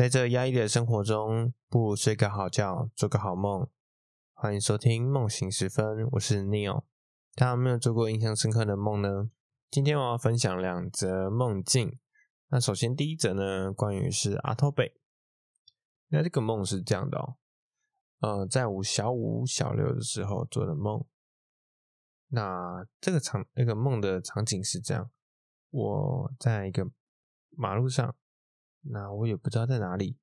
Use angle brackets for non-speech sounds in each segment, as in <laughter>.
在這壓抑的生活中，不如睡個好覺，做個好夢。歡迎收聽《夢醒時分》，我是 Neo。大家有沒有做過印象深刻的夢呢？今天我要分享兩則夢境。那首先第一則呢，關於是阿土伯。那這個夢是這樣的哦，呃，在五小五小六的時候做的夢。那這個場，那、這個夢的場景是這樣，我在一個馬路上。那我也不知道在哪裡，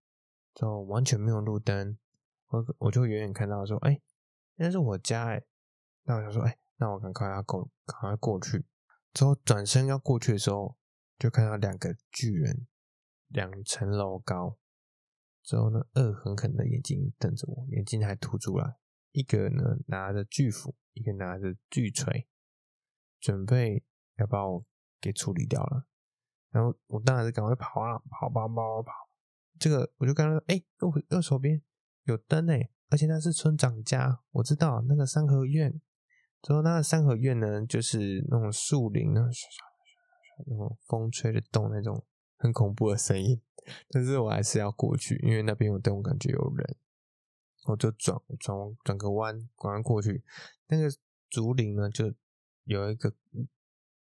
之後完全沒有路燈，我我就遠遠看到說，哎、欸，那是我家哎，那我就說，哎、欸，那我趕快要過，趕快過去。之後轉身要過去的時候，就看到兩個巨人，兩層樓高，之後呢，惡狠狠的眼睛瞪着我，眼睛還凸出來，一個呢拿着巨斧，一個拿着巨錘，準備要把我給處理掉了。然後我當然是趕快跑啊，跑吧跑吧跑，跑，跑！這個我就剛剛說，哎，右右手邊有燈呢，而且那是村長家，我知道那個三合院。之後那個三合院呢，就是那種樹林，啊，那種風吹的動那種很恐怖的聲音。但是我還是要過去，因為那邊有燈，我感覺有人。我就轉轉轉個彎，拐彎過去。那個竹林呢，就有一個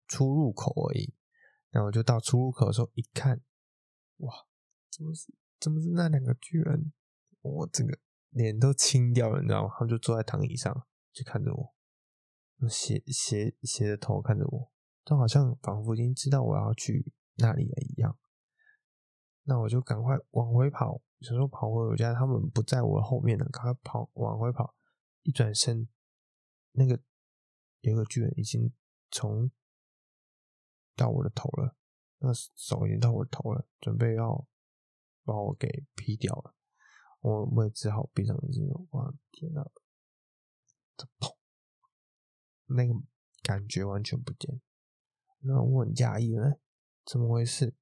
出入口而已。然後我就到出入口的時候，一看，哇，怎麼是，怎麼是那兩個巨人？我整個臉都青掉了，你知道嗎？他們就坐在躺椅上，就看着我，斜斜斜着頭看着我，就好像仿佛已經知道我要去那裡了一樣。那我就趕快往回跑，有時候跑回我家，他們不在我後面了，趕快跑往回跑。一轉身，那個有個巨人已經從。到我的頭了，那手已經到我的頭了，準備要把我給劈掉了。我也只好閉上眼睛。哇，天吶，這碰，那個感覺完全不見。那我很訝異呢？怎麼回事？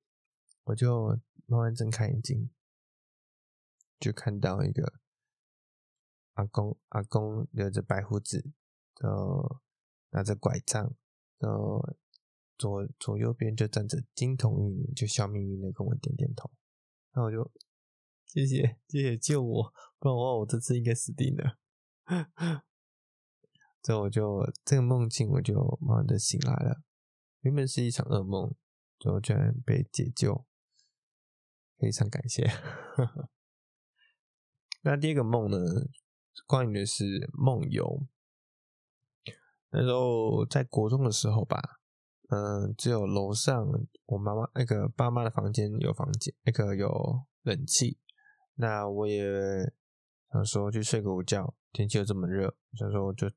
我就慢慢睜開眼睛，就看到一個阿公，阿公留着白鬍子，然、呃、後拿着拐杖，然、呃、後。左左右邊就站着金童玉女，就笑眯眯的跟我點點頭。那我就謝謝謝謝救我，不然的話我這次應該死定了。這我就這個夢境我就慢慢的醒來了，原本是一場噩夢，最後居然被解救，非常感謝。那第二個夢呢，關於的是夢遊。那時候在國中的時候吧。嗯，只有樓上我媽媽那個爸媽的房間有房間，那個有冷氣。那我也，想說去睡個午覺，天氣又這麼熱，所以說我就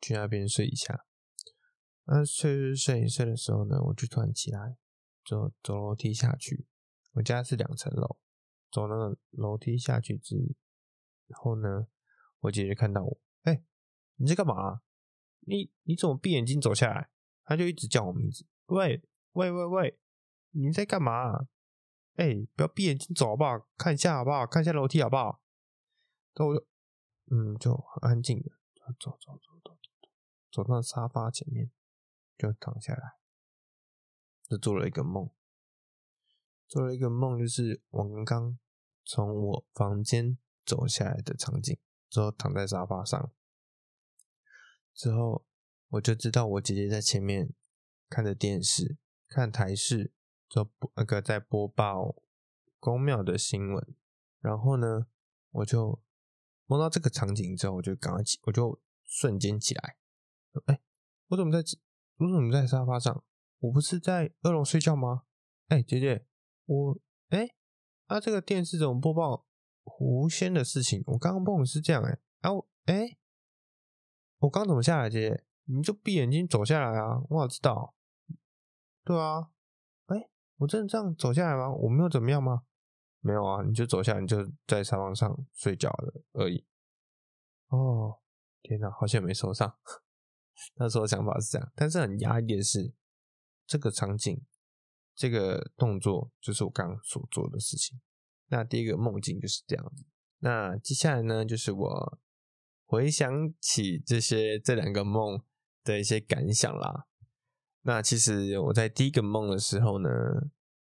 去那邊睡一下。那、啊、睡一睡一睡的時候呢，我就突然起來，走走樓梯下去。我家是兩層樓，走那個樓梯下去之，然後呢，我姐姐就看到我，哎、欸，你在幹嘛？你你怎麼閉眼睛走下來？他就一直叫我名字，喂喂喂喂，你在幹嘛、啊？哎、欸，不要閉眼睛走好不好？看一下好不好？看一下樓梯好不好？然後我就，嗯，就很安靜的，走走走走走走，走到沙發前面，就躺下來，就做了一個夢，做了一個夢，就是我剛剛從我房間走下來的場景，之後躺在沙發上，之後。我就知道我姐姐在前面看着電視，看台視，就那個在播報宮廟的新聞。然後呢，我就夢到這個場景之後，我就趕快起，我就瞬間起來。哎、欸，我怎麼在？我怎麼在沙發上？我不是在二樓睡覺嗎？哎、欸，姐姐，我哎、欸，啊，這個電視怎麼播報狐仙的事情？我剛剛夢是這樣哎、欸，啊，哎、欸，我剛怎麼下來，姐姐？你就閉眼睛走下來啊！哇，知道，對啊、欸，我真的這樣走下來嗎？我沒有怎麼樣嗎？沒有啊，你就走下來，你就在沙發上睡覺了而已。哦，天哪、啊，好像沒受傷。 <laughs> 那時候想法是這樣，但是很壓抑的是，這個場景，這個動作，就是我剛剛所做的事情。那第一個夢境就是這樣子。那接下來呢，就是我回想起這些這兩個夢的一些感想啦。那其實我在第一個夢的時候呢，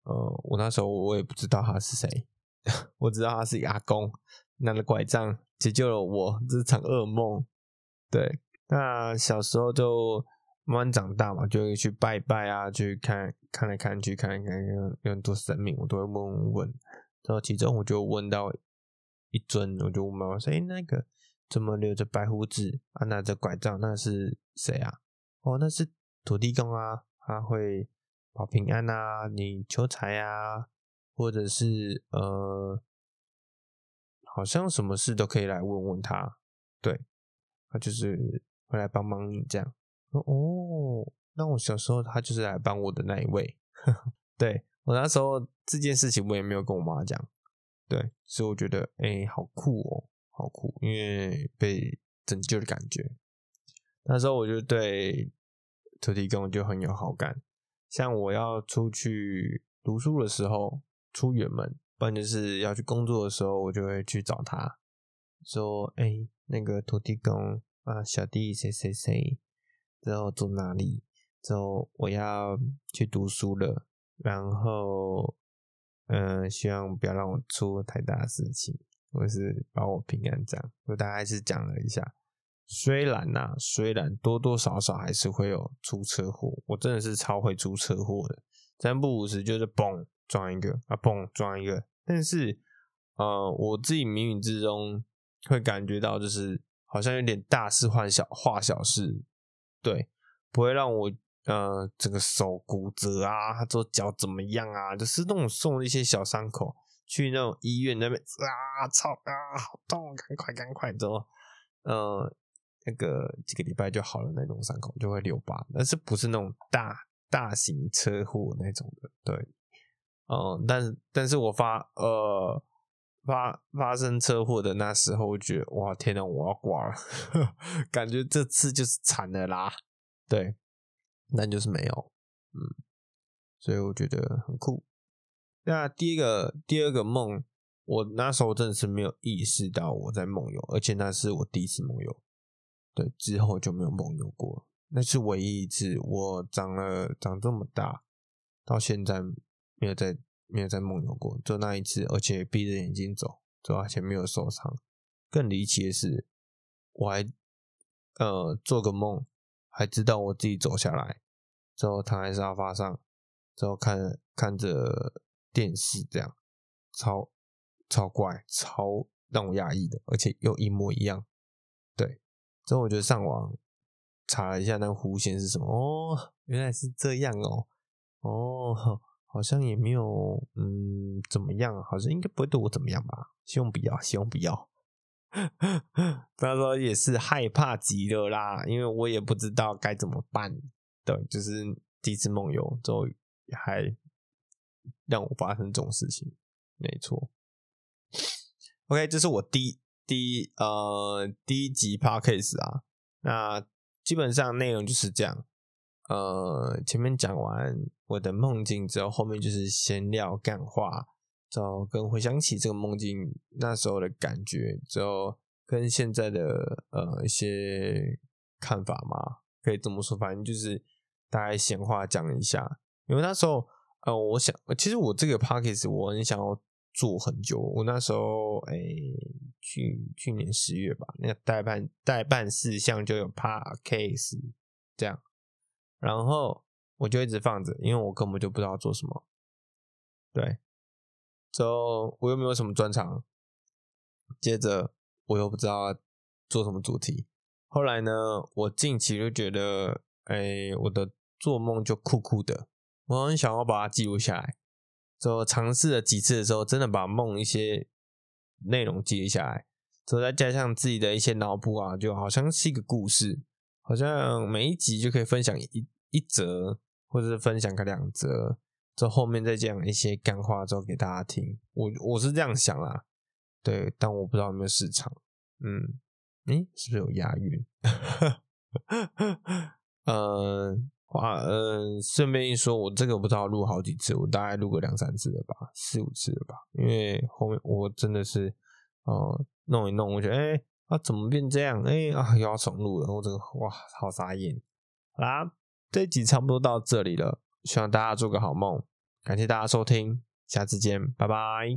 呃，我那時候我也不知道他是誰， <laughs> 我知道他是個阿公，拿、那、着、個、拐杖解救了我，這是場噩夢。對，那小時候就慢慢長大嘛，就去拜拜啊，去看看來看去看一看，看，看，有很多神明，我都會問，問問。然後其中我就問到一尊，我就問媽媽說：“哎，那個。”怎麼留着白鬍子啊？拿着拐杖，那是誰啊？哦，那是土地公啊！他會保平安啊，你求財啊，或者是呃，好像什麼事都可以來問問他。對，他就是會來幫忙你這樣哦。哦，那我小時候他就是來幫我的那一位。呵呵，對我那時候這件事情我也沒有跟我媽講。對，所以我覺得哎，好酷哦。好苦，因為被拯救的感覺。那時候我就對土地公就很有好感。像我要出去讀書的時候，出遠門，不然就是要去工作的時候，我就會去找他，說：“哎、欸，那個土地公啊，小弟誰誰誰，之後住哪裡？之後我要去讀書了，然後，嗯、呃，希望不要讓我出太大的事情。”我是保我平安，這樣就大概是講了一下。雖然吶、啊，雖然多多少少還是會有出車禍，我真的是超會出車禍的，三不五時就是嘣撞一個啊，嘣撞一個。但是呃，我自己冥冥之中會感覺到，就是好像有點大事化小，化小事，對，不會讓我呃整個手骨折啊，做腳怎麼樣啊，就是那種送一些小傷口。去那種醫院那邊啊，操啊，好痛！趕快，趕快走。嗯、呃，那個幾個禮拜就好了，那種傷口就會留疤，但是不是那種大大型車禍那種的，對。嗯、呃，但但是我發呃發發生車禍的那時候，我覺得哇天哪，我要掛了呵，感覺這次就是慘了啦。對，但就是沒有，嗯，所以我覺得很酷。那第一個、第二個夢，我那時候真的是沒有意識到我在夢遊，而且那是我第一次夢遊。對，之後就沒有夢遊過，那是唯一一次。我長了長這麼大，到現在沒有再沒有再夢遊過，就那一次，而且閉着眼睛走，走而且沒有受傷。更離奇的是，我還呃做個夢，還知道我自己走下來，之後躺在沙發上，之後看看着。電視這樣，超超怪，超讓我壓抑的，而且又一模一樣。對，之後我就上網查了一下那個弧線是什麼，哦，原來是這樣哦，哦，好像也沒有，嗯，怎麼樣？好像應該不會對我怎麼樣吧？希望不要，希望不要。那時說也是害怕極了啦，因為我也不知道該怎麼辦，對，就是第一次夢遊之後還。讓我發生這種事情，沒錯。OK，這是我第一第一呃第一集 podcast 啊。那基本上內容就是這樣。呃，前面講完我的夢境之後，後面就是閒聊、幹話，之後跟回想起這個夢境那時候的感覺，之後跟現在的呃一些看法嘛，可以這麼說。反正就是大概閒話講一下，因為那時候。呃，我想，其實我這個 podcast 我很想要做很久。我那時候，哎，去去年十月吧，那個待辦待辦事項就有 podcast 這樣，然後我就一直放着，因為我根本就不知道做什麼。對，之後我又沒有什麼專長，接着我又不知道做什麼主題。後來呢，我近期就覺得，哎，我的做夢就酷酷的。我很想要把它記錄下來，就嘗試了幾次的時候，真的把夢一些內容記錄下來，所以，再加上自己的一些腦補啊，就好像是一個故事，好像每一集就可以分享一一則，或者是分享個兩則，之後面再講一些幹話，之後給大家聽。我我是這樣想啦，對，但我不知道有沒有市場。嗯，誒、欸、是不是有押韻？嗯、 <laughs> 呃。啊，嗯，順便一說，我這個不知道錄好幾次，我大概錄個兩三次了吧，四五次了吧，因為後面我真的是，哦、呃，弄一弄，我覺得，哎、欸，啊，怎麼變這樣？哎、欸，啊，又要重錄了，我這個，哇，好傻眼。好啦，這一集差不多到這裡了，希望大家做個好夢，感謝大家收聽，下次見，拜拜。